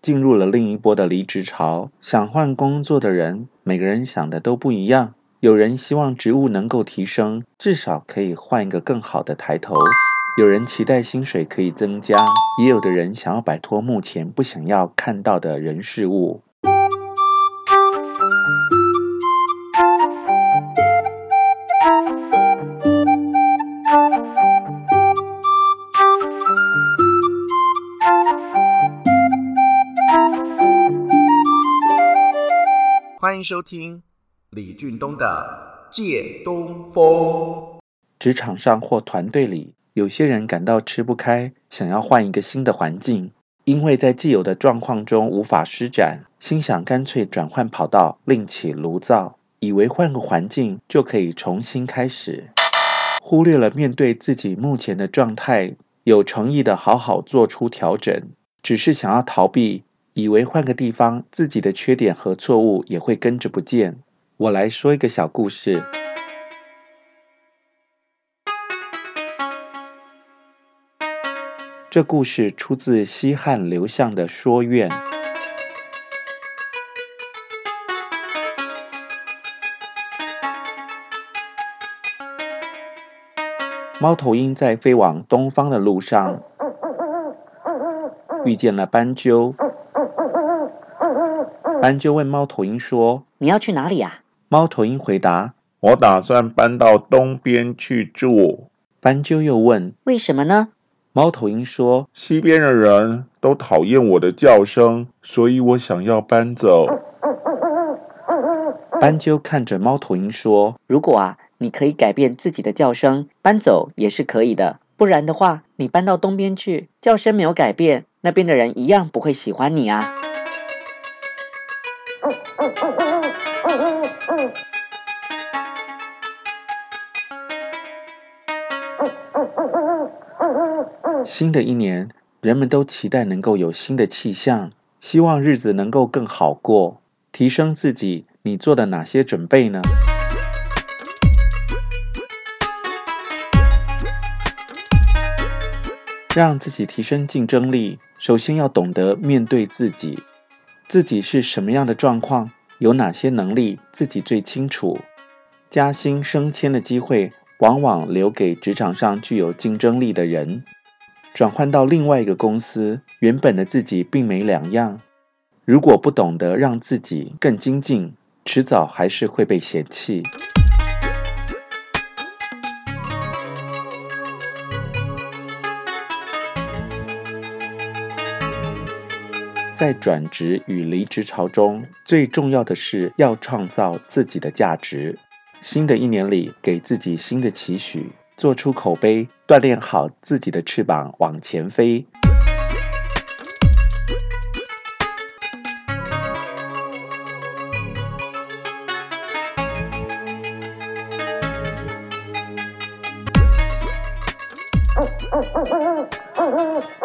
進入了另一波的離職潮，想換工作的人，每個人想的都不一樣。有人希望職務能夠提升，至少可以換一個更好的抬頭。有人期待薪水可以增加，也有的人想要擺脫目前不想要看到的人事物。歡迎收聽李俊東的《借東風》。職場上或團隊裡，有些人感到吃不開，想要換一個新的環境，因為在既有的狀況中無法施展，心想乾脆轉換跑道，另起爐灶，以為換個環境就可以重新開始，忽略了面對自己目前的狀態，有誠意的好好做出調整，只是想要逃避。以為換個地方，自己的缺點和錯誤也會跟着不見。我來說一個小故事。這故事出自西漢劉向的《說苑》。貓頭鷹在飛往東方的路上，遇見了斑鳩。斑鳩問貓頭鷹說：“你要去哪裡呀、啊？”貓頭鷹回答：“我打算搬到東邊去住。”斑鳩又問：“為什麼呢？”貓頭鷹說：“西邊的人都討厭我的叫聲，所以我想要搬走。”嗯、嗯、嗯、嗯、嗯、斑鳩看着貓頭鷹說：“如果啊，你可以改變自己的叫聲，搬走也是可以的。不然的話，你搬到東邊去，叫聲沒有改變，那邊的人一樣不會喜歡你啊。”新的一年，人們都期待能夠有新的氣象，希望日子能夠更好過，提升自己。你做的哪些準備呢？讓自己提升競爭力，首先要懂得面對自己。自己是什麼樣的狀況，有哪些能力，自己最清楚。加薪升遷的機會，往往留給職場上具有競爭力的人。轉換到另外一個公司，原本的自己並沒兩樣。如果不懂得讓自己更精進，遲早還是會被嫌棄。在轉職與離職潮中，最重要的是要創造自己的價值。新的一年裡，給自己新的期許，做出口碑，鍛鍊好自己的翅膀，往前飛。嗯嗯嗯嗯嗯